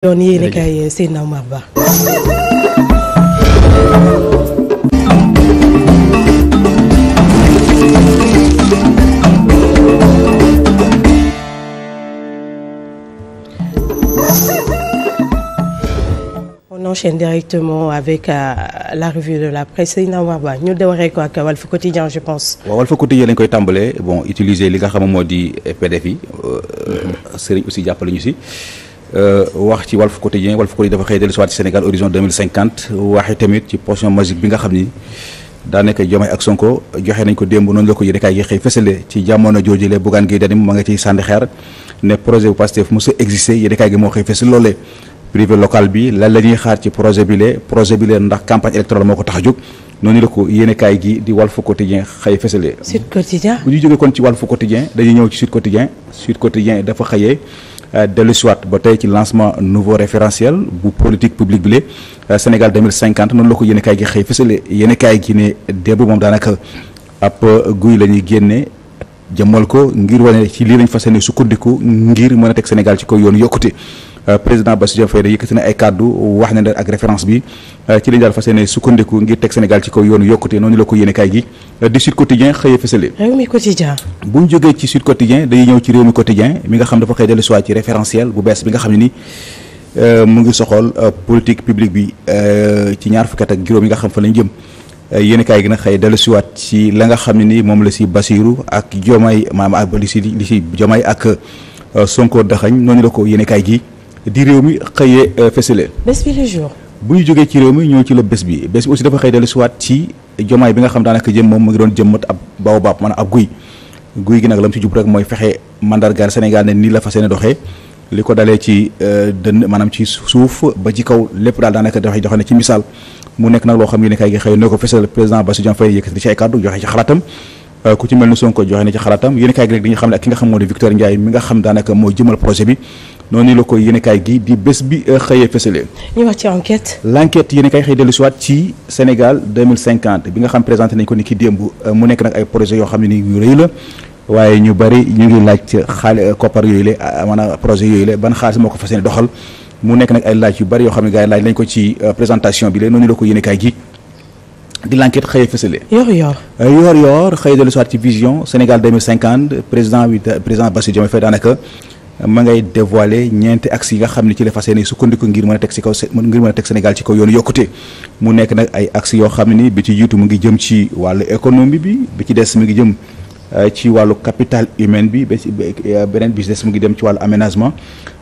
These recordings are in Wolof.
doon yéene kay eh, Seydina Omar Ba on enchaîne directement avec euh, la revue de la presse Seydina Omar Ba ñu dewaree ko ak Walf Quotidien je pense. waaw Walf Quotidien lañ koy tàmbalee bon utiliser li nga xam moo di eh, PDF yi. Euh, mm-hmm. Serigne aussi jàppale ñu si. Euh, wax ci Walf Quotidien Walf Quotidien dafa xëy dellu si waat ci Sénégal horizon 2050 waxi tamit ci potion magique ak Sonko joxe nañ ko démb noonu la ko yéenekaay gi ci jamono joojule Bougane Gueye Dany ma a existé yéenekaay gi moo xëy local bi lan la ñuy xaar ci projet bi lee projet bi lee ndax campagne électorale moo ko tax ko yéenekaay gi di Walf Quotidien xëy fësale Sud Quotidien bu ñu kon ci Walf Quotidien dañuy ñëw ci Sud Quotidien Sud Quotidien dafa xëyee Euh, dellu si ba tey ci lancement nouveau référentiel bu politique publique bi la euh, Sénégal cinquante noonu la ko yéenekaay gi xëy fësale yéenekaay gi ne démb moom daanaka ab guy lañuy génne jëmmal ko ngir wane ci lii lañ fas ne sukkandiku ngir mën a teg Sénégal ci kaw yoon yokkute Euh, président Bassirou Diomaye Faye yëkkati na ay kàddu wax ne ak référence bi euh, ci lañ daal fas yéene sukkandiku ngir teg Sénégal ci kaw yoonu yokkute noonu la ko yéene kaay gi euh, di Sud Quotidien xëyee fësale bu ñu jógee ci Sud Quotidien dañuy ñëw ci réew mi quotidien mi nga xam mu ngi soxool politique publique bi ci ñaar fukki at ak juróom nga xam fa lañ jëm yéen gi nag xëy dellu siwaat ci la nga xam ne ni moom la si Basiru ak Jomaay maanaam li si li si Jomaay ak Sonko daxañ noonu la ko yéen kaay gi di réew mi xëyee euh, fësale. bés bi le jour. bu ñu jógee ci réew mi ñëw ci la bés bi bés bi aussi dafa xëy dellu siwaat ci jomaay bi nga xam daanaka jëm moom mu ngi doon jëmmat ab baobab maanaam ab guy guy gi nag la mu ci mooy fexe mandargaal Sénégal ne nii la fa seen doxee li ko dalee ci euh, dënn maanaam ci suuf ba ci kaw lépp daal daanaka dafay ci misaal nekk na ko fësal président Bassirou Diomaye Faye yëkkati ci ay kàddu joxe ci xalaatam euh, xam ne ak ki nga xam moo di nga xam daanaka moo jëmal projet bi noonu la ko yéenekaay gi di bés bi euh, xëyee fësale. ñu wax ci enquête. l' enquête yéenekaay xëy dellusiwaat ci Sénégal 2050 bi nga xam présenté nañ ko ni ki démb euh, mu nekk nag ay projets yoo ne ni yu rëy la waaye ñu bari xaal euh, koppar yooyu la maanaam projet yooyu ban xaalis moo ko fas mu nekk nag ay laaj yu bari yoo xam ne gars yi ko ci présentation bi la noonu la ko yéenekaay gi. di l'enquête xëy fësale. yor-yor yor-yor xëy dellusiwaat ci vision Sénégal 2050 président bi président Bassirou Diomaye Faye daanaka. ma ngay dévoiler ñeenti axes yi nga xam ne ci la fas sukkandiku ngir mën a teg ci kaw ngir mën a teg Sénégal yokkute mu nekk nag ay axes yoo xam ne ni bi ci jiitu mu ngi jëm ci wàllu économie bi bi ci des mu ngi jëm euh, ci wàllu capital humain bi ba euh, beneen bi ci des mu ngi dem ci wàllu aménagement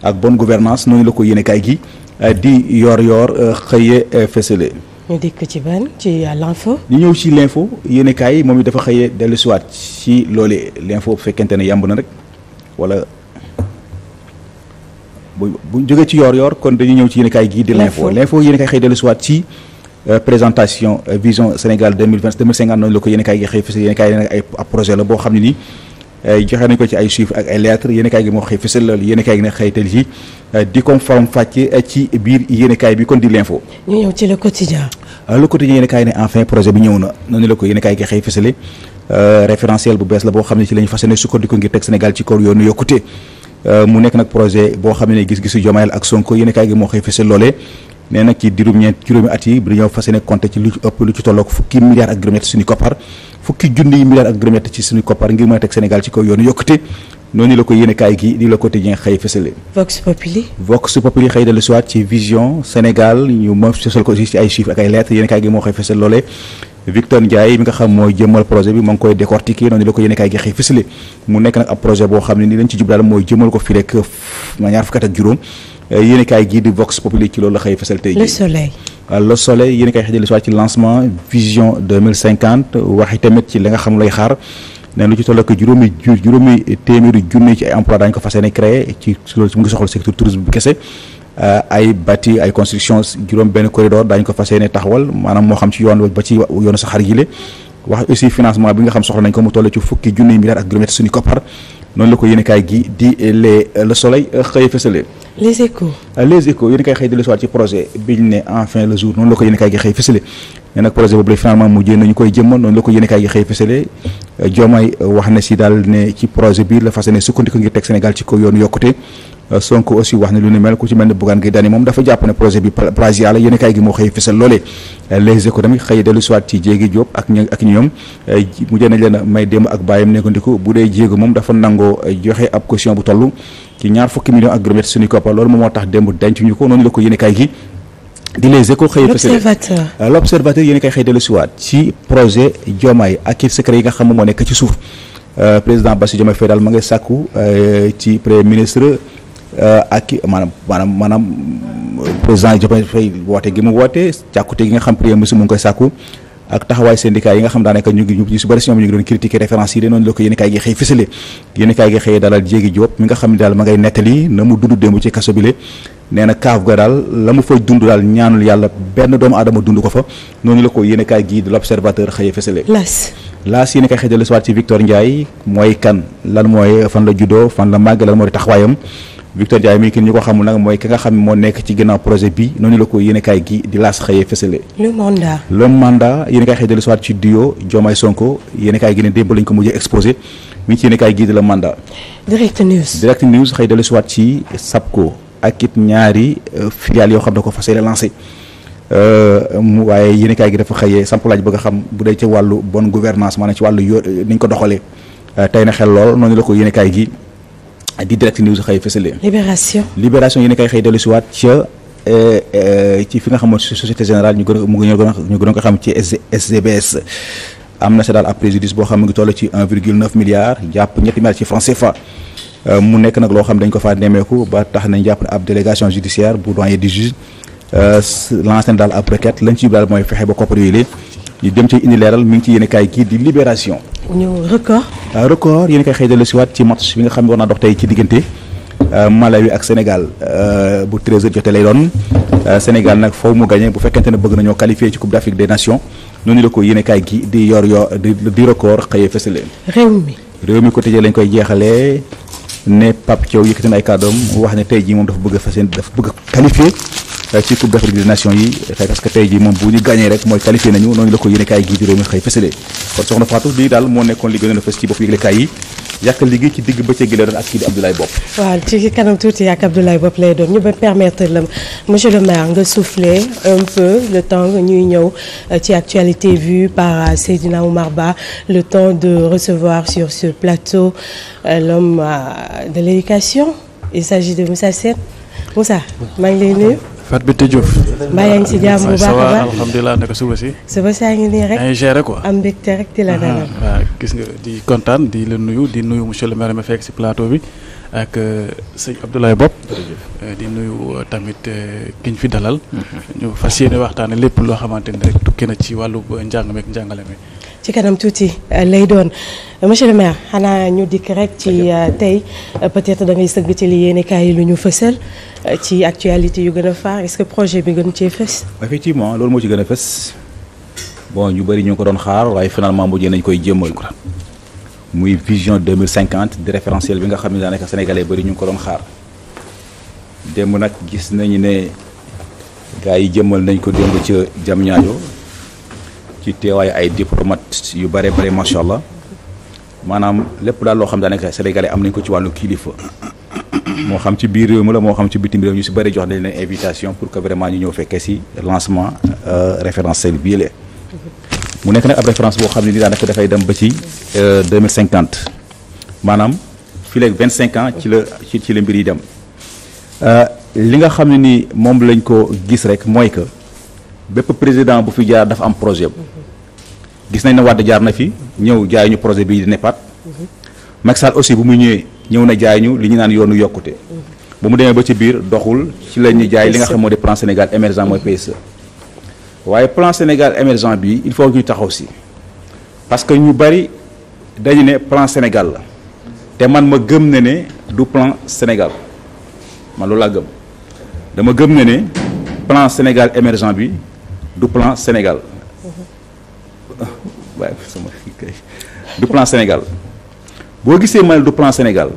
ak bonne gouvernance noonu la ko yéene kaay gi euh, di yoor yoor xëye fësale ñu dikk ci ban ci l'info. ñu ñëw ci l'info yéene moom it dafa xëyee dellusiwaat ci loolee l'info bu fekkente ne yàmb na rek bu bu jógee ci yoor yoor kon dañuy ñëw ci yéen kaay gii di l'info l'info yéen kaay xëy dellu siwaat ci euh, présentation euh, vision Sénégal 2020 2050 noonu la ko yéen kaay gi xëy fësal yéen kaay nag la boo xam ne ci ay chiffres ak euh, ko bi kon di le quotidien le quotidien yéen na noonu la ko yéen kaay gi xëy boo xam ne ci la ñu fas yéene sukkandiku ngir teg Sénégal ci kaw yoonu yokkute Euh, mu nekk nag projet boo xam ne gis-gisu Diomaye ak Sonko yéen kaay gi moo xëy fësal loolee nee nag ci diirum ñeent juróomi at yi dañoo fas yéene compté ci lu ci ëpp lu ci tolloog fukki milliards ak juróom suñu koppar fukki junni milliards ak juróom-ñett ci suñu koppar ngir mën a teg Sénégal ci kaw yoonu yokkute noonu la ko yéen kaay gi di la quotidien xëy fësale Vox Populi Vox Populi xëy dellu si waat ci vision Sénégal ñu mo sosal ci ay chiffres ak ay lettres yéen gi moo xëy fësal loolee Victor Ndiaye mi nga xam mooy jëmmal projet bi ma ngi koy décortiquer noonu la ko yéene kaay gi xëy fësale mu nekk nag ab projet boo xam ni lañ ci jub daal mooy jëmmal ko fi rek ma ñaar Soleil ah, ci lancement vision 2050 waxi ci li nga xam lay xaar ne lu ci toll ak juróomi juróomi téeméeri junni ci emploi daañu ko fas yéene créé ci mu ngi soxal secteur tourisme bi kese Euh, ay bâti ay construction juróom benn corridor daañu ko fas ne taxawal maanaam moo xam ci yoon ba ci yoonu saxaar yi la wax aussi financement bi nga xam soxla nañ ko mu toll ci fukki junniy milliards ak juróom-ñett suñu koppar noonu la ko yéenekaay euh, ci projet bi ñu ne enfin le jour noonu la ko yéenekaay gi xëy fësale ne nag projet boobu nañu ko yéenekaay gi xëy fësale euh, Diomaye wax ne si daal ne ci projet bi la fas yéene sukkandiku ngir teg Sénégal ci ko yoon yokkute Sonko aussi wax na lu ni mel ku ci mel ne Bougane Gueye Dany moom dafa jàpp projet bi plagiat la yéen a kaay gi moo xëy fësal loolee les économiques xëy dellu soit ci jéegi ak ñoom ak ñoom mujjee nañ dee jéegu moom dafa nangoo joxe ab caution bu toll ci ñaar fukki millions ak juróom-ñett suñu koppar loolu moom moo tax démb denc ñu ko noonu la ko yéen a kaay gi di les échos xëy l'observateur euh, l'observateur a kaay xëy dellu siwaat projet Diomaye ak i secret yi nga xam moo nekk ci suuf euh, président Bassirou Diomaye Faye daal ma ngay sàkku euh, ci premier ministre Euh, ak maanaam maanaam maanaam président Diomaye Faye woote gi mu woote càkkute gi nga xam premier ministre mu ngi koy sàkku ak taxawaay syndicat yi nga xam daanaka ñu ngi ñu si bëri si ñoom ñu ngi doon critiquer référence yi de noonu la ko yéen kaay gi xëy fësale yéen kaay gi xëy dalal jéegi Diop mi nga xam ne daal ma ngay nettali na mu dund démb ci kaso bi le kaaf ga daal la mu fay dund daal ñaanul yàlla benn doomu aadama dund ko fa noonu la ko yéen kaay gi de l'observateur xëy fësale laas laas mooy kan lan mooy fan la juddoo fan la moo di taxawaayam Victor Ndiaye mii ki ñu ko xamul nag mooy ki nga xam moo nekk ci ginnaaw projet bi noonu la ko yéenekaay gi di laas xëyee fësale. le mandat le mandat yéenekaay xëy dellu si waat ci duo Diomaye Sonko yéenekaay gi ne ko mujjee exposé mi ngi ci yéenekaay gi di le mandat. direct news direct news xëy dellu si waat ak it ñaari euh, filiales yoo xam ne ko fas yéene lancé. Euh, mu waaye yéenekaay gi dafa xëyee samp laaj bëgg a xam bu dee ci wàllu bonne gouvernance maanaam ci wàllu yo euh, ni ñu ko doxale tey na xel lool noonu la ko yéenekaay gi. di direct news xëy fësale. libération dellu si waat ca eh, eh, ci fi nga xamoon société générale ñu gën mu ñu gën ko xam ci boo xam ne ngi toll ci 1,9 milliard jàpp ñetti milliards ci franc CFA. Euh, mu nekk nag loo xam ko faa nemmeeku ba tax nañ jàpp ne ab délégation judiciaire bu doyen du juge euh, lancé na daal ab requête lañ ci ba koppar yooyu ñu dem ci indi ngi ci yéen a kaay gii di libération. ñu record. Euh, record yéen a koy xëy dellu si ci match bi nga xam ne war naa dox tey ci diggante mala euh, Malawi ak Sénégal euh, bu 13 jotee lay doon Sénégal nag foofu mu gagné bu fekkente ne bëgg nañoo qualifié ci Coupe d'Afrique des Nations noonu la ko yéen a gi di yor yor di record xëyee fësale. réew mi réew mi côté lañ koy jeexalee. ne Pape Thiaw yëkkati ay ay kàddoom wax ne tey jii moom dafa bëgg a fas dafa bëgg a Euh, ci coupe d'Afrique des nations yi parce que tey ji moom bu ñu gagné rek mooy qualifié nañu noonu la ko yéene kaay di réew mi xëy fësale kon soxna Fatou lii daal moo nekkoon li gënoon a fës ci yëgle kaay yi yàkkal liggéey ci digg bëccëg gi ak kii di Abdoulaye Bopp waaw ci kanam tuuti ak Abdoulaye Bopp lay doon ñu ba permettre la monsieur le maire nga souffler un peu le temps ñuy ñëw euh, ci actualité vue par euh, Seydina Oumar Ba le temps de recevoir sur ce plateau l'homme de l'éducation il s'agit de Moussa Sène Moussa Fatou bi Diouf. mbaa yaa ngi si jàmm suba si. suba saa ngi nii rek. yaa ngi géré rek di la dalal. waaw gis nga di kontaan di la nuyu di nuyu monsieur le maire ma fekk si plateau bi ak euh, sëñ Abdoulaye Bopp. Euh, di nuyu euh, tamit ki ñu fi dalal. ñu fa yéene waxtaane lépp loo xamante ni rek tukki na ci wàllu njàng meek njàngale mi. ci kanam tuuti euh, lay doon monsieur le maire xanaa ñu dikk rek ci euh, tey euh, peut-être da ngay sëgg ci li yéene kaay yi lu ñu fësal ci actualité yu gën a faar est-ce que projet bi gën cee fës. effectivement loolu moo ci gën a fës bon ñu bëri ñu ko doon xaar waaye finalement mujjee nañ koy jëmmal ko muy vision 2050 di référentiel bi nga xam ne daanaka sénégalais bëri ñu ngi ko doon xaar démb nag gis nañu ne gars yi jëmmal nañ ko démb ca Diamniadio ci teewaayu ay diplomate yu bare bare macha allah maanaam lépp daal loo xam daanaka sénégalais am nañ ko ci wàllu kilifa moo xam ci biir réew mi la moo xam ci bitim réew ñu si bëri jox nañ leen invitation pour que vraiment ñu ñëw fekkee si lancement euh, référentiel bii la mu nekk nag ab référence boo xam ne ni daanaka dafay dem ba ci euh, deux mille cinquante maanaam fii léegi vingt cinq ci la ci ci la mbir yi dem euh, li nga xam ne ni moom lañ ko gis rek mooy que bépp président bu fi bu gis nañ ne Wade jaar na fi ñëw jaay ñu projet bii di NEPAD Macky Sall aussi bu mu ñëwee ñëw na jaay ñu li ñu naan yoonu yokkute bu mu demee ba ci biir doxul ci la ñu jaay li nga xam moo di plan Sénégal émergent mooy PSE waaye plan Sénégal émergent bi il faut ñu taxaw si parce que ñu bari dañu ne plan Sénégal la te man ma gëm na ne du plan Sénégal man loolu laa gëm dama gëm ne ne plan Sénégal émergent bi du plan Sénégal waaye sama du plan Sénégal boo gisee ma ne du plan Sénégal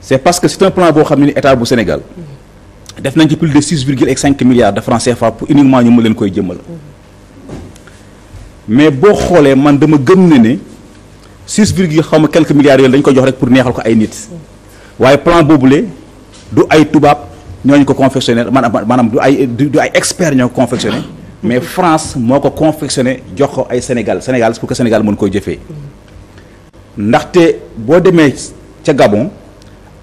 c'est parce que c'est un plan boo xam ne ni état bu Sénégal def nañ ci plus de six virgule cinq milliards de francs CFA pour uniquement ñu ma leen koy jëmmal mais boo xoolee man dama gëm ne ne six virgule xaw ma quelques milliards yooyu dañ ko jox rek pour neexal ko ay nit waaye plan boobule du ay tubaab ñooñu ko confectionné maanaam maanaam du ay du ay experts ñoo ko confectionné mais France moo ko confectionné jox ko ay Sénégal Sénégal pour que Sénégal mën koy jëfee ndaxte boo demee ca Gabon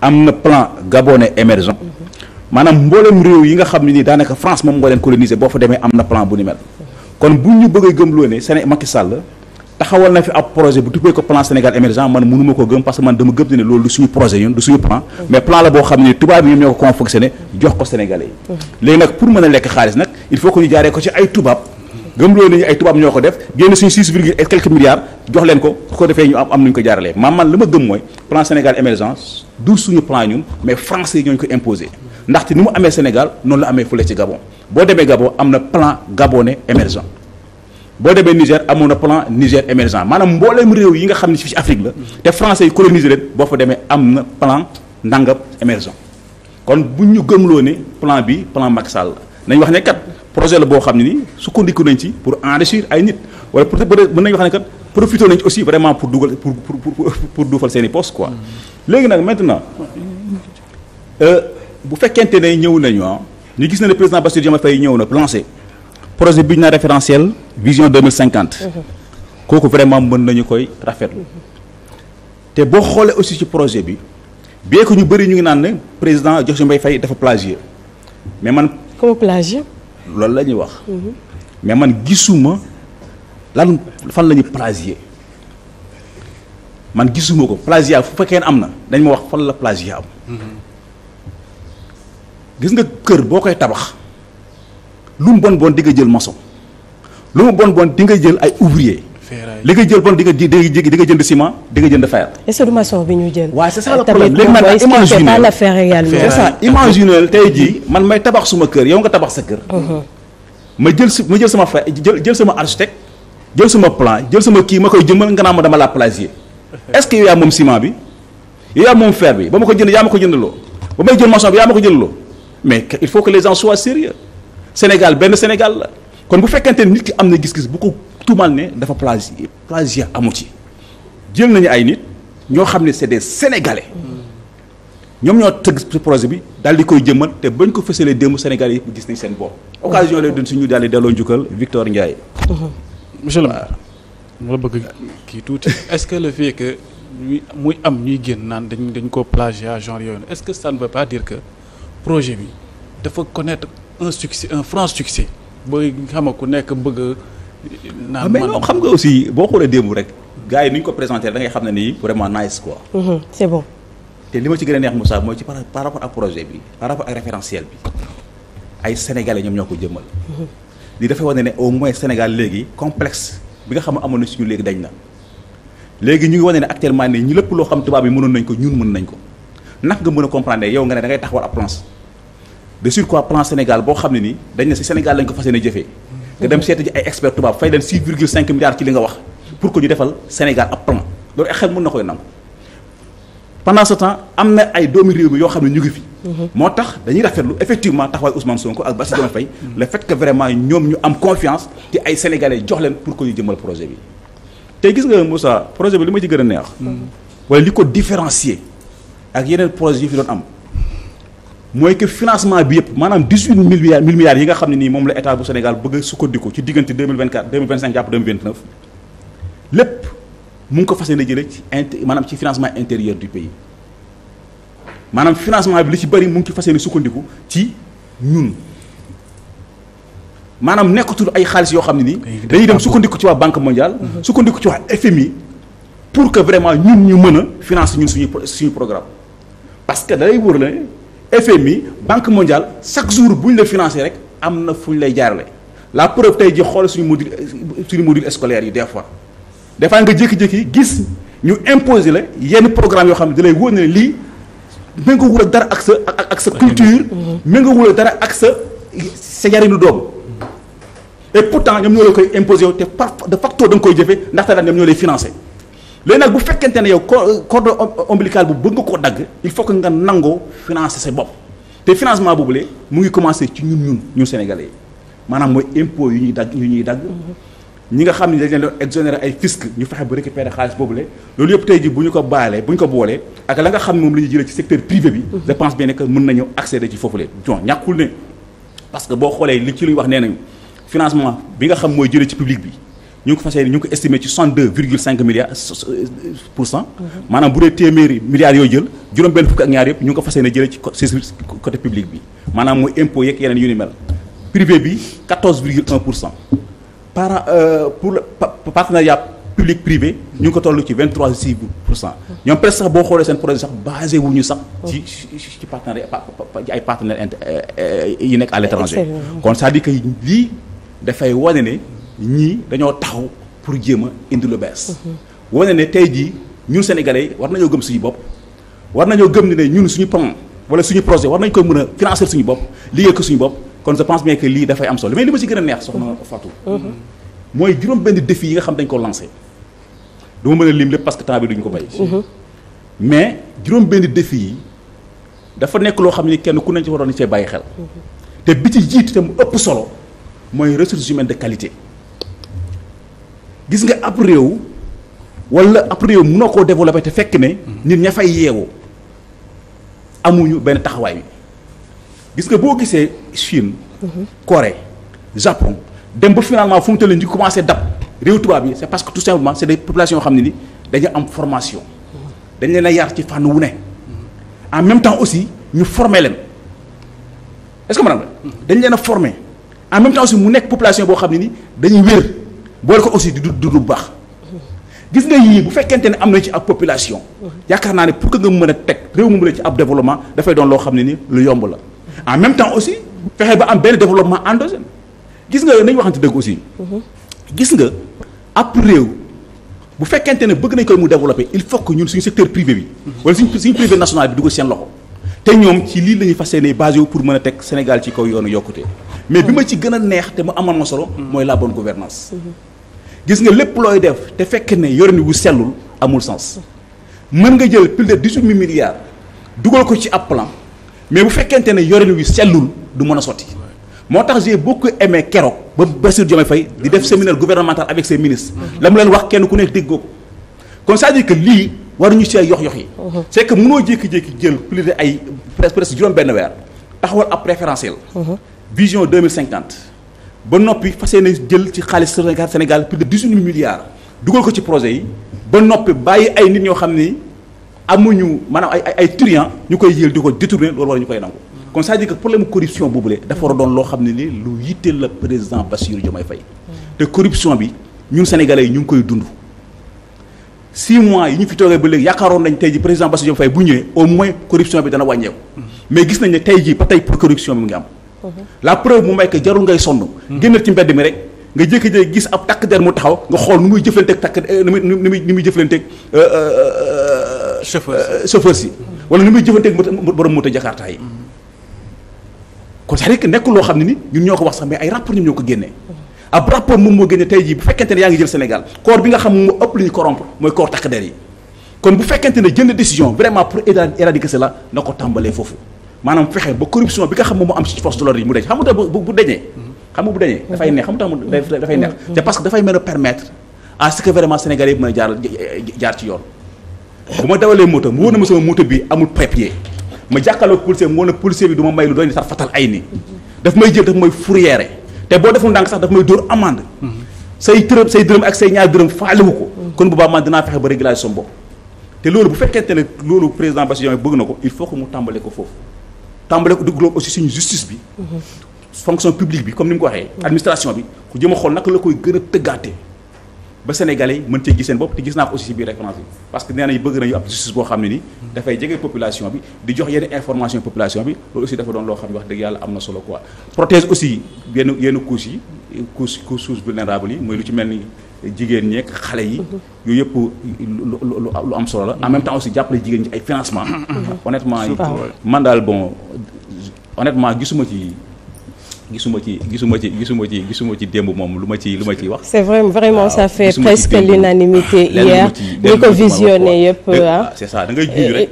am na plan gabonais émergent maanaam mboolem réew yi nga xam ne nii daanaka France moom moo leen coloniser boo fa demee am na plan bu ni mel kon bu ñu bëggee gëm loo ne Séné Macky Sall taxawal na fi ab projet bu tuddee ko plan Sénégal émergent man mënuma ko gëm parce que man dama gëm ne loolu du suñu projet ñun du suñu plan mais plan ko confectionné jox ko sénégalais pour a lekk xaalis nag il faut que ñu jaaree ko ci ay tubaab gëm loolu nañu ko def suñu six virgule et ko ko defee ñu am am nañu ko jaaralee maam man li ma gëm mooy plan Sénégal émergence du suñu plan ñun mais français yi ñooñu ko imposé ndaxte ni mu amee Sénégal noonu la amee fële ci Gabon boo demee Gabon am na plan gabonais émergent boo demee Niger amoon na plan Niger émergent maanaam mbooleem réew yi nga xam ne fii ci Afrique la te français yi coloniser leen boo fa demee am na plan ndàngam émergent kon bu ñu loo ne plan bi plan Macky Sall la nañ wax ne kat projet la boo xam ne ni sukkandiku nañ ci pour enrichir ay nit wala peut être mën nañ wax ne kat profité nañ ci aussi vraiment pour dugal pour pour pour duufal seen i poste quoi. léegi nag maintenant euh, bu fekkente ne ñëw nañu ah ñu gis na ne président Bassirou Diomaye ñëw na lancé. projet bi ñu naan référentiel vision de mille cinquante. Mhm. kooku vraiment mën nañu koy rafetlu. te boo xoolee aussi ci projet bi bien que ñu bëri ñu ngi naan ne président Diakhou Mbaye Faye dafa plagier mais man. comme plagier. loolu la ñuy wax. Mhm. mais man gisuma lan fan la ñu plagier man gisuma ko plagiat fu fekkee am na dañ ma wax fan la plagiat am. Mhm. gis nga kër boo koy tabax. lu mu bon bon di nga jël maçon lu mu bon bon di nga jël ay ouvrier. li nga jël bon di nga di nga jënd ciment di nga jënd fer. est-ce que du maçon bi ñu jël. waaw c'est ça le problème léegi man imaginer pas l'affaire c'est ça imaginer tey jii man may tabax suma kër yow nga tabax sa kër. Uh-huh. ma jël si ma sama fa jël jël sama architecte jël sama plan jël sama kii ma koy jëmmal nga naan ma dama la plagier. est-ce que yow yaa moom ciment bi yow yaa moom fer bi ba ma ko jënd yaa ma ko jëndaloo ba may jël maçon bi yaa ma ko jëndaloo mais il faut que les gens soient sérieux Sénégal benn Sénégal la kon bu fekkente nit ki am na gis-gis bu ko tuumal ne dafa plagié plagiat amu ci jël nañu ay nit ñoo xam ne c'est des Sénégalais ñoom ñoo tëgg projet bi daal di koy jëmmal te bañ ko fësalee démb Sénégal yi gis nañ seen bopp. occasion lay doon suñu ñu di delloo njukkal Victor Ndiaye. monsieur le maire ma la bëgg kii tuuti est-ce que le fait que ñuy muy am ñuy génn naan dañ dañ ko plagiat genre yoon est-ce que ça ne veut pas dire que projet bi dafa connaître. un succès un franc succès ba xam ku nekk bëgg naan ah, mais non xam nga aussi boo xoolee démb rek gars yi ni ñu ko présenté da ngay xam ne nii vraiment nice quoi. Mm-hmm, c'est te li ma ci gën a neex Moussa mooy ci par rapport ak projet bi par rapport ak référentiel bi ay sénégalais ñoom ñoo ko jëmmal. Mm-hmm. li dafay wane ne au moins Sénégal léegi complexe bi nga xam ne amoon na suñu léegi dañ na. léegi ñu ngi wane ne actuellement nii ñu lépp loo xam tubaab yi mënoon nañ ko ñun mën nañ ko ndax nga mën a comprendre yow nga ne da ngay taxawal ab planche. de surcroît plan Sénégal boo xam ne nii dañ ne si Sénégal lañ ko fas yéene jëfee nga dem seeta ji ay expert tubaab fay leen 6 virgule 5 milliards ci li nga wax pour que ñu defal Sénégal ab plan loolu xel mën na koy nangu pendant temps am na ay doomi réew mi yoo xam ne ñu ngi fi moo tax dañuy rafetlu effectivement taxawaay Ousmane Sonko ak Bassirou Diomaye Faye le fait que vraiment ñoom ñu am confiance ci ay sénégalais jox leen pour que ñu jëmal projet bi tey gis nga projet bi li ma ci gën a neex mm-hmm. wala li ko différencier ak yeneen projet yi fi doon am mooy que financement bi yëpp maanaam dix huit mille milliards mille milliards yi nga xam ne nii moom la état bu Sénégal bëgg a sukkandiku ci diggante deux mille vingt quatre deux mille vingt cinq jàpp deux mille vingt neuf lépp mu ngi ko fas yéene jëlee ci inter maanaam ci financement intérieur du pays maanaam financement bi li ci bëri mu ngi ci fas yéene sukkandiku ci ñun maanaam nekkatul ay xaalis yoo xam ne nii. dañuy dem sukkandiku ci waa banque mondiale. Mm-hmm. sukkandiku ci waa FMI. pour que vraiment ñun ñu mën a financer ñun suñu suñu programme parce que da lay wóor la. FMI Banque mondiale chaque jour bu ñu la financé rek am na fu ñu lay jaarale la preuve tey ji xool suñu module suñu module scolaire yi des fois des nga jékki-jékki gis ñu imposer la yenn programme yoo xam ne da lay wóor ne lii méngoowul ak dara ak sa ak sa culture. méngoowul ak dara ak sa sa yarinu doom. et pourtant ñoom ñoo lay koy imposer te par de facto da koy jëfee ndaxte daal ñoom ñoo lay financé. léegi nag bu fekkente ne yow euh, cordon euh, ombilical bu bëgg nga koo dagg il faut que nga nangoo finance sa bopp te financement boobule mu ngi commencé ci ñun ñun ñun sénégalais yi maanaam mooy impôt yu ñuy dagg yu ñuy dagg ñi nga xam ne dañ leen doon exonérer ay fisc ñu fexe ba récupérer xaalis boobule loolu yëpp tey ji bu ñu ko baale bu ñu ko boolee ak la nga xam ne moom la jëlee ci secteur privé bi mhm. je pense bien que mën nañu accéder ci foofule jon ñàkkul ne parce que boo xoolee li ci lu wax nee nañu financement bi nga xam mooy jëlee ci public bi ñu ngi ko fas yéene ñu ngi ko estimé ci 62 virgule euh, euh, maanaam bu dee téeméeri milliards yooyu jël juróom-benn fukk ñaar yëpp ñu ngi ko fas yéene ci bi maanaam mooy impôt yeeg pour cent par euh, pour le partenariat public privé ñu ngi ko toll ci 23 6 pour cent ñoom presque sax boo xoolee seen projet sax basé wu ñu sax. ci ci partenariat ci ay partenaires yi nekk à l' étranger. kon c'est-à-dire que lii dafay wane ne. ñii dañoo taxaw pour jéem a indi lu bees. wane ne tey jii ñun sénégalais war nañoo gëm suñu bopp war nañoo gëm ne ñun suñu plan wala suñu projet war nañ ko mën a financer suñu bopp liggéey ko suñu bopp kon je pense bien lii dafay am solo mais li ma ci gën a neex soxna mooy juróom benn défi yi nga xam dañ ko lancé duma mën a lim parce que temps bi duñ ko bay mais juróom benn défi yi dafa nekk loo xam ni kenn ku nañ ci waroon cee bàyyi xel te bi ci jiitu te mu ëpp solo mooy ressources humaines de qualité gis nga ab réew wala ab réew munoo koo développé te fekk ne nit ña fay yeewu amuñu benn taxawaay bi gis nga boo gisee Chine Corée Japon dem ba finalement fu mu toll ñu commencé dab réew tubaab yi c'est parce que tout simplement c'est des populations yoo xam ne ni dañu am formation dañ leen a yar ci fànn wu ne en même temps aussi ñu former leen est-ce que maanaam dañ leen a former en même temps aussi mu nekk population boo xam ne ni dañuy wér boole ko aussi di du du bu baax gis nga yii bu fekkente ne am na ci ab population yaakaar naa ne pour que nga mën a teg réew mu la ci ab développement dafay doon loo xam ne ni lu yomb la en même temps aussi fexe ba am benn développement endogène gis nga nañu waxante dëgg aussi gis nga ab réew bu fekkente ne bëgg nañ koy mu développer il faut que ñun suñu secteur privé bi wala suñ suñu privé national bi dugal seen loxo te ñoom ci lii la ñuy fas yéene basé wu pour mën a teg Sénégal ci kaw yoonu yokkute mais bi ma hmm. ci gën a neex te mu amal ma solo hmm. mooy la bonne gouvernance hmm. gis nga lépp looy def te fekk ne yorin wu sellul amul sens mën nga jël plus de dix-huit milliards dugal ko ci ab plan mais bu fekkente ne yorin wi sellul du mën a sotti moo tax j'ai beaucoup aimé keroog ba Bassirou Diomaye Faye di def séminaire gouvernemental avec ses ministres la mu leen wax kenn ku nekk déggoo ko kon c'est-à-dire que lii waruñu see yox yox yi c'est que jékki-jékki jël plus de ay presque juróom benn weer taxawal ab préférentiel vision 2050 ba noppi fas yéene jël ci xaalis Sénégal plus de 18 milliards dugal ko ci projet yi ba noppi bàyyi ay nit ñoo xam ni amuñu maanaam ay ay truand ñu koy jël di ko détourner loolu war ñu koy nangu. kon c'est-à-dire problème corruption boobule dafa war a doon loo xam ni lu yitteel la président Bassirou Diomaye Faye mm. te corruption bi ñun sénégalais yi ñu ngi koy dund. six mois yi ñu fi toogee ba léegi yaakaaroon nañ tey ji président la preuve mu may ko jarul ngay sonn. génnal ci mbedd mi rek nga jëkk jékki gis ab takk der mu taxaw nga xool nu muy jëflanteeg takk eh, nu muy nu muy nu muy jëflanteeg. Eh, eh, chauffeur si. wala nu muy jëflanteeg borom moto jakarta yi. kon cest nekk loo xam ne ni ñoo ko wax sax ko génnee. ab moom moo génne tey jii bu fekkente ne yaa ngi jël Sénégal corps bi nga xam moo ëpp lu ñu corrompre mooy corps takk der yi kon bu fekkente ne jënd décision vraiment pour éradiquer la na ko tàmbalee foofu. maanaam fexe ba corruption bi nga xam moom moo am ci force de l'ordre bu bu te mm-hmm. a permettre à ce que vraiment Sénégalais yi a jaar jaar ci yoon bu ma dawalee moto bi amul papier ma jàkkaarloo policier mu wóor na policier bi ma may lu doy fatal ay nii may jël daf may te boo deful ndànk sax daf may dóor amende mm-hmm. say dërëm say dërëm ak say ñaar dërëm faalewu ko kon bu baax man dinaa fexe ba régulation bopp te loolu bu fekkente ne loolu président Bassirou Diomaye bëgg na ko il faut que mu tàmbale ko foofu tàmbale ko dugaloo aussi suñu justice bi. fonction publique bi comme ni mu ko waxee. administration bi ku jëm a xool naka la koy gën tëggaate ba sénégalais mën cee gis bopp te gis naa ko aussi si biir référence bi parce que nee nañu bëgg nañu ab justice boo xam ne ni. dafay jege population bi di jox yenn information population bi loolu aussi dafa doon loo xam ne wax dëgg yàlla am na solo quoi. protège aussi yenn yenn couches yi couches couches vulnérables jigéen ñeek xale yi mhm. yooyu yëpp lu am solo en même temps aussi jàppale jigéen ñi ay financement mhm. honnêtement man daal bon honnêtement gisuma ci gisuma ci gisuma ci gisuma ci gisuma ci démb moom lu ma ci lu ma ciy wax. c'est vrai vraiment ça fait presque l'unanimité hier ñi ko visionné yëpp ah. c'est ça da ngay junj rek.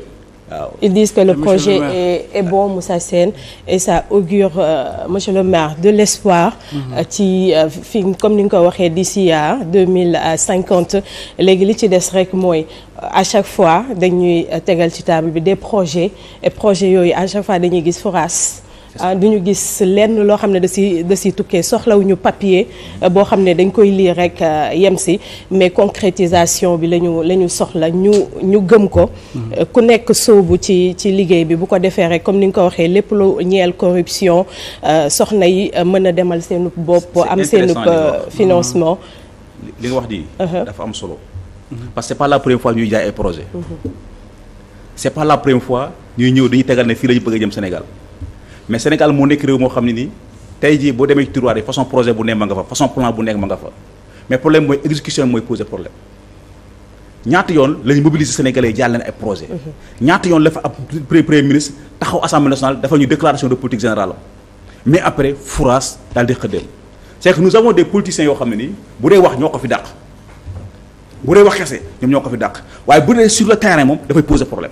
ils disent que le projet le est, est bon Moussa Sène et ça augure euh, monsieur le maire de l'espoir mhm. euh, ci euh, fi comme ni nga ko waxee d'ici à deux mille cinquante léegi li ci des rek mooy à chaque fois dañuy euh, tegal ci taable bi des projets et projets yooyu à chaque fois dañuy gis foras Ah, du ñu gis lenn loo xam ne da si da si tukkee soxlawuñu papier eh, boo xam ne dañ koy lii rek eh, yem si mais concrétisation bi la ñu la ñu soxla ñu ñu gëm ko mhm. eh, ku nekk soobu ci ci liggéey bi bu ko defee rek comme ni nga ko waxee lépp lu ñeel corruption soxna yi mën a demal seenu bopp am seenu financement mhm. li nga wax nii uh-huh. dafa am solo parce que c'est pas la première fois ñuy jaay ay projet mhm. c'est pas la première fois ñuy ñëw dañuy tegal ne fii la ñu bëgg a jëm Sénégal mais Sénégal moo nekk réew moo xam ne nii tey jii boo demee ci tiroir yi façon projet bu nekk ma nga fa façon plan bu nekk ma nga fa mais problème mooy exécution mooy poser problème ñaata yoon lañu mobiliser sénégalais yi ay projet mm-hmm. ñaata yoon la fa ab premier ministre taxaw assemblée nationale dafa ñu déclaration de politique générale mais après fourage daal di xëddéem c'est que nous avons des yoo xam ne nii bu dee wax ñoo ko fi dàq bu dee wax kese ñoo ko fi dàq waaye bu dee sur le terrain moom dafay poser problème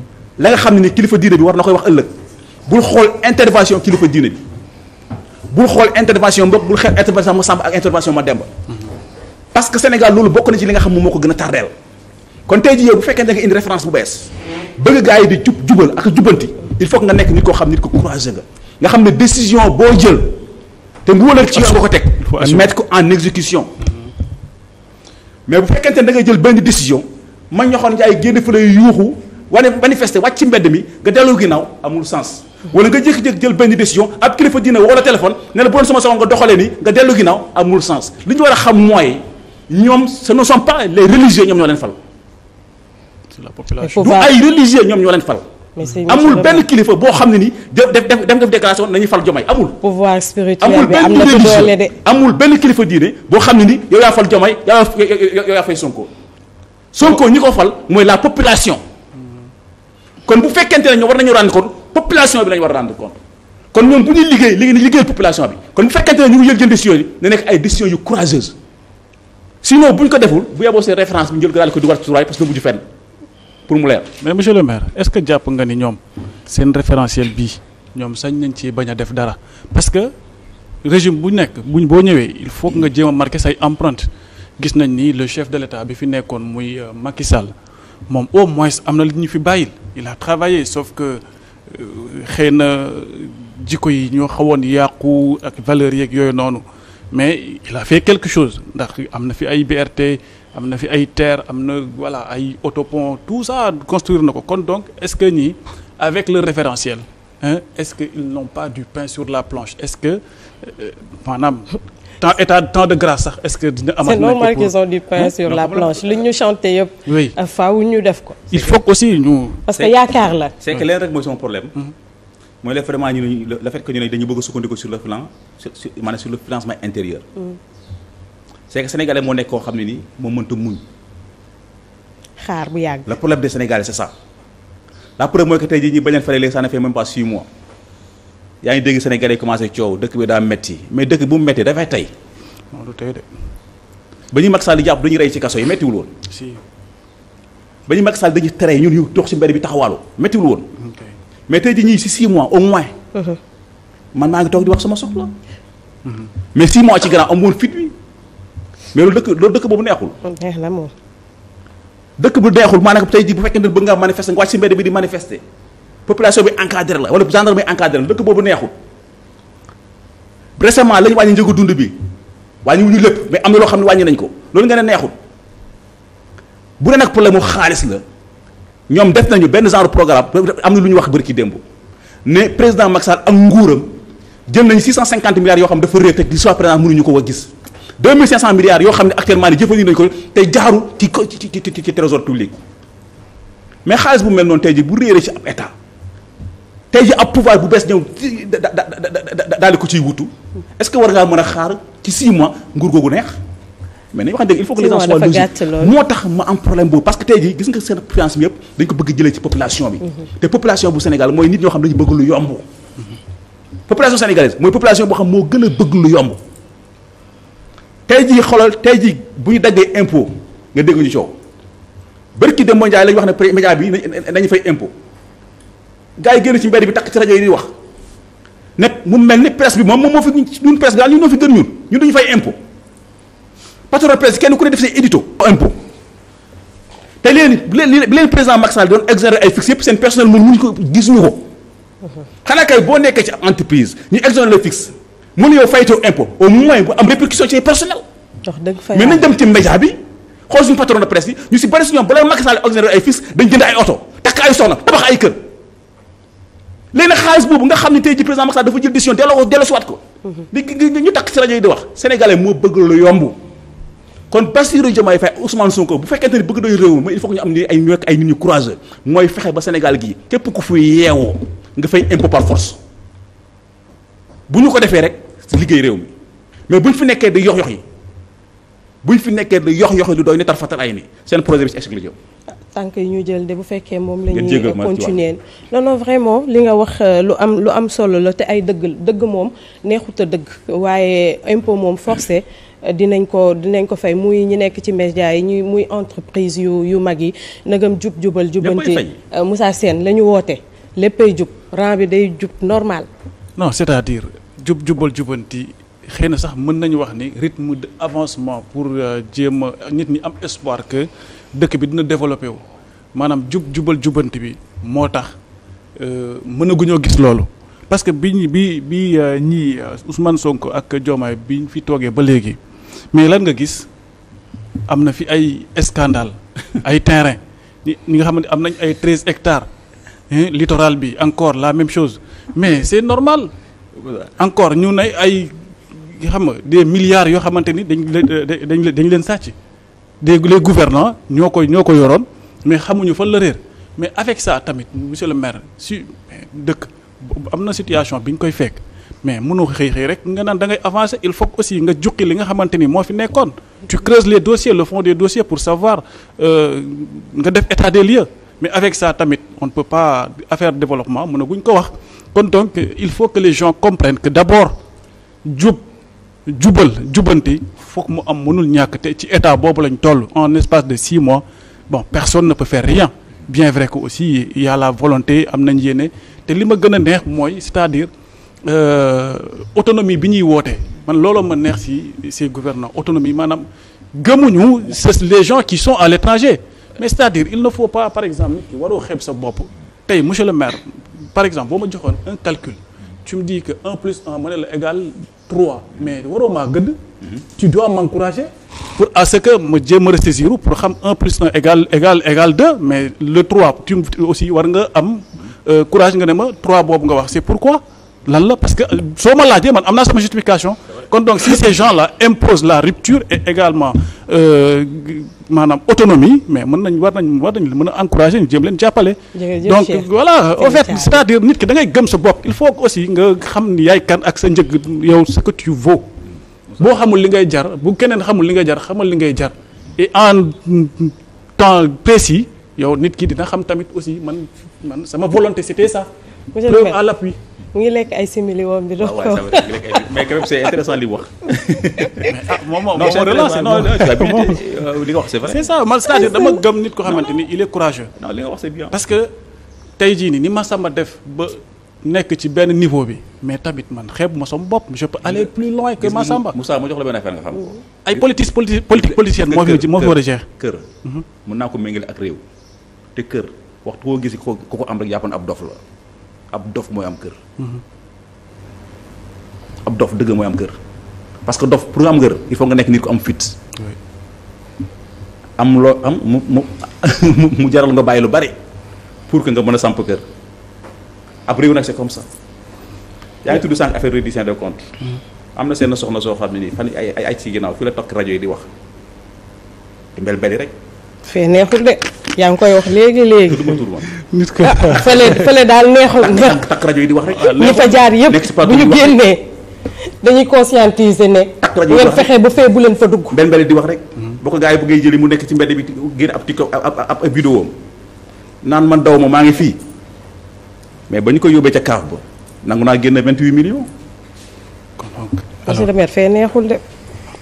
la nga xam ne ni kilifa diine bi war na koy wax ëllëg bul xool intervention kilifa diine bi bul xool intervention mbokk bul xeet intervention ma sàmb ak intervention ma demba parce que Sénégal loolu bokk na ci li nga xam moom moo ko gën a tardeel kon tey jii yow bu fekkee da nga indi référence bu bees bëgg gars yi di jub jubal ak jubanti il faut nga nekk nit ko xam nit ko courageux nga nga xam ne décision boo jël te mu wëlal ci yoon nga ko teg mettre ko en exécution mais bu fekkente ne da ngay jël benn décision man ñoxoon njaay génn fa lay yuuxu wane manifester wàcc ci mbedd mi nga delloo ginnaaw amul sens wala nga jékki-jékki jël benn décision ab kilifa diine woo la téléphone ne la bu doon sama soxla nga doxalee ni nga dellu ginnaaw amul sens li ñu war a xam mooy ñoom ce ne sont pas les religieux ñoom ñoo leen fal. la population du ay religieux ñoom ñoo leen fal. amul benn kilifa boo xam ne ni def def def déclaration nañuy fal Diomaye amul. pouvoir spirituel bi am na ci doole de amul benn kilifa diine boo xam ne ni yow yaa fal Diomaye yow yaa fay Sonko. Sonko ñi ko mooy la population. kon bu fekkente ne war nañu rendre compte population bi lañu war a rendre compte kon ñoom bu ñuy liggéey léegi nañu liggéeyal population bi kon bu fekkente ne ñu ngi jël jën décisions yi na nekk ay décisions yu courageuses sinon bu ñu ko deful bu yeboo seen référence bi njël ko daal ko dugal ci parce que mujj fenn pour mu leer. mais monsieur le maire est-ce que jàpp nga ni ñoom seen référentiel bii ñoom sañ nañ ci bañ a def dara parce que régime bu nekk buñ boo ñëwee il faut nga jéem a say empreinte gis nañ ni le chef de l'État bi fi nekkoon muy euh, Macky Sall moom au moins am na li ñu fi bàyyil il a travaillé sauf que euh, xëy na jikko yi ñoo xawoon yàqu ak valeurs yeeg yooyu noonu mais il a fait quelque chose ndax am na fi ay BRT am na fi ay terre am na voilà ay autopont tout ça construire na ko kon donc est-ce que nii avec le référentiel est-ce que ils n'ont pas du pain sur la planche est-ce que euh, maanaam temps état temps de grâce sax est-ce que dina amaat. c'est normal du pain sur la planche li ñu chanté yëpp. oui euh, ñu def ko. il faut aussi ñu. parce que yaakaar la. c'est que leen rek mooy son problème. Mm-hmm. mooy la vraiment ñu ne le fait que ñu ne dañu bëgg a sukkandiku sur le plan sur maanaam sur le financement intérieur. Mm. c'est que moo nekk koo xam ne nii moo mënta muñ. xaar bu yàgg. le problème des sénégalais c'est ça. après mooy que tey jii ñi bañ leen fare léegi ça ne fait pas 6 mois yaa ngi dégg Sénégalais yi commencé coow dëkk bi daa metti mais dëkk bu mu metti dafay tey. non du ba ñu Macky Sall jàpp dañuy rey ci kaso yi méttiwul woon. si ba ñu Macky Sall dañuy tere ñun ñu dox ci mbedd bi taxawaalu méttiwul woon. Mm, mais tey jii ñii si 6 mois au moins. Uh-huh. man maa ngi toog di wax sama soxla. Mm-hmm. mais 6 mois ci gannaaw am woon fit bi mais loolu dëkk loolu dëkk boobu neexul. neex na dëkk bu deexul maanaam tey jii bu fekkee ne bëgg ngaa manifester nga wàcc si mbedd bi di manifester population bi encadré la wala gendarme bi encadré la dëkk boobu neexul récemment lañu ñu wàññi njëgu dund bi wàññi ñu lépp mais am na loo xam ne wàññi nañ ko loolu nga ne neexul bu dee nag problème mu xaalis la ñoom def nañu benn genre programme am na lu ñu wax bërki démb ne président Macky Sall ak nguuram jël nañ 650 milliards yoo xam dafa réer te ko wa gis 2500 milliards yoo xam ne actuellement ni jëfandikoo ko te jaaru ci ci ci trésor mais xaalis bu mel noonu tey ji bu réeré ci ab état tey ji ab pouvoir bu bees ñëw daal di ko ciy wutu est-ce que war ngaa mën a xaar ci 6 mois nguur googu neex mais nañu wax dëgg il faut que les moo tax ma am problème boobu parce que tey ji gis nga seen finance bi yëpp dañ ko bëgg jëlee ci population bi mhm. te population bu Sénégal mooy nit ñoo xam dañu bëgg lu xam moo gën a bëgg lu yomb tey jii xoolal tey jii bu ñu daggee impôt nga dégg ñu coow barki de mondial lañu wax ne pré média bi nañu fay impôt gars yi génn ci mbedd bi takk ci rajo yi di wax nag mu mel ni presse bi moom moom moo fi ñun presse bi daal ñu ñoo fi gën ñu ñun dañu fay impôt patron presse kenn ku ne def say édito impôt te leen bi leen président Macky Sall doon exonérer ay fixe yëpp seen personnel mun ñu ko gis ñu ko xanaa kay boo nekkee ci entreprise ñu exonérer fixe mu ne yow faytoo impôt au moins bu am répercussion ci personnel mais nañ dem ci média bi xool suñu patron de presse yi ñu si bëri si ñoom boobu nga xam ne tey ji président Macky Sall dafa jël décision delloo ko delloo siwaat ko mhm. di ñu takk si rajo yi di wax sénégalais moo bëgg lu yomb kon Bassirou Diomaye Faye Ousmane Sonko bu fekkente ni bëgg doy réew mi il faut ñu am ni ay ay nit ñu courageux mooy fexe ba Sénégal gii képp ku fuy yeewoo nga fay impôt par force bu ñu ko defee rek si liggéey réew mi mais buñ fi nekkee bi yox yox yi buñ fi nekkee di yox yox yi lu doy ni tar fatal ay ni seen projet bi si exclu yow tànk yi ñu jël de bu fekkee moom la ñuy continuer non non vraiment li nga wax euh, lu am lu am solo la te ay dëgg dëgg moom neexut a dëgg waaye impôt moom forcé euh, dinañ ko dinañ ko fay muy ñi nekk ci média yi ñuy muy entreprise yu yu mag yi nagam jub jubal jubanti euh, Moussa Sène la ñu woote léppay jub rang bi day jub normal non jub jubal jubanti xëy na sax mën nañu wax ni rythme avancement pour euh, jéem a nit ñi am espoir que dëkk bi dina développé wu maanaam jub jubal jubanti bi moo tax euh, mënaguñoo gis loolu parce que bi bi bi euh, ñii Ousmane sonk ak bi ñu fi toogee ba léegi mais lan nga gis am na fi ay scandale ay terrain ñi nga xam ne am nañ ay treize hectares littoral bi encore la même chose mais c'est normal encore ñu ne ay nga xam nga des milliards yoo xamante ni dañ dañ dañ leen sàcc des les gouvernants ñoo koy ñoo ko yoroon mais xamuñu fan la réer mais avec ça tamit monsieur le maire si dëkk am na situation bi ñu koy fekk mais mënoo xëy xëy rek nga naan da ngay avancer il faut aussi nga jukki li nga xamante ni moo fi nekkoon. tu creuses les dossiers le fond des dossiers pour savoir euh, nga def état des lieux mais avec ça tamit on ne peut pas affaire développement mën ko wax. kon donc il faut que les gens comprennent que d'abord jub jubal jubanti foog mu am mënul ñàkk te ci état boobu lañ toll en espace de six mois bon personne na peut faire rien bien vrai que aussi il y a la volonté am nañ yéene te li ma gën a neex mooy c'est-à-dire euh, autonomie bi ñuy woote man looloo ma neex si ces gouvernants autonomie maanaam gëmuñu c'est les gens qui sont à l'étranger mais c'est-à-dire il ne faut pas par exemple nit ki waroo xeeb sa bopp tey monsieur le maire par exemple boo ma joxoon un calcul tu mu dis que un plus un ma ne la égal trois mais waroo maa gëdd tu dois m'encourager pour à ce que ma jéem a rester zéro pour xam un plus un égal égal égal deux mais le trois tu aussi war nga am euh, courage nga ne ma trois boobu nga wax c'est pourquoi lan la parce que euh, soo ma laajee man am naa sama justification kon donc si ces gens la imposent la rupture et également euh, maanaam autonomie mais mën nañ war nañ war la mën a encourager ñu jéem leen jàppale. donc voilà au fait cest nit ki da ngay gëm sa bopp il faut aussi nga xam ni yaay kan ak sa njëg yow ce que tu vaux. boo xamul li ngay jar bu keneen xamul li ngay jar xamal li ngay jar et en temps précis yow nit ki dina xam tamit aussi man man sama volonté c'était ça. preuve à l'appui mu ngi lekk ay simili woon bi. waaw waaw mais quand même c'est intéressant wax. ah moom moo moo relancé non euh, li nga wax c'est vrai. c'est ça man c'est-à-dire ah, dama gëm nit ko xamante ni il est courageux. non li nga wax parce que tey jii nii ni ma sàmm def ba. nekk ci benn niveau bi mais tamit man xeeb ma sama bopp je peux aller plus loin que Massamba. Moussa ma jox la benn affaire nga xam. ay politique politique politique politicienne moo fi moo fi war a jeex. kër mhm. mën naa ko méngale ak réew te kër waxtu koo gis ko ko am rek yàppoon ab dof la. ab dof mooy am kër. ab dof dëgg mooy am kër parce que dof pour nga am kër il faut nga nekk nit ku am fit. am loo am mu mu mu jaral nga bàyyi lu bari pour que nga mën a samp kër ab réew nag c'est comme ça. yaa ngi tudd sànq affaire reddition des comptes. Mm-hmm. am na seen soxna soo xam ni nii fan ay ay ci ginnaaw fi la tokk rajo yi di wax di mbel mbeli rek. fee neexul de. yaa ngi koy wax léegi léegi. fële fële daal neexul nga. Ah, ah, takk rajo yi di wax rek. Ah, ñi fa jaar yëpp bu ñu génnee dañuy conscientiser ne. takk rajo ngeen fexe ba fee bu leen fa dugg. benn benn di wax rek. Hmm. boo ko gaa yi bëggee jëli mu nekk ci mbedd bi génn ab tiktok ab ab ab vidéo naan man daw ma maa ngi fii mais ba ñu koy yóbbee ca kaaf ba nangu naa génn 28 millions. kon donc. alors monsieur le fee neexul de.